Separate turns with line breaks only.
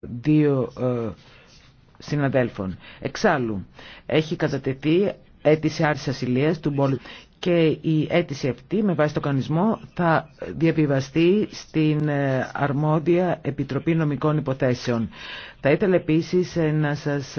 δύο ε, συναδέλφων. Εξάλλου, έχει κατατεθεί αίτηση άρσης ασυλία του Μπόλου και η αίτηση αυτή με βάση το κανονισμό θα διαβιβαστεί στην ε, αρμόδια Επιτροπή Νομικών Υποθέσεων. Θα ήθελα επίσης ε, να σας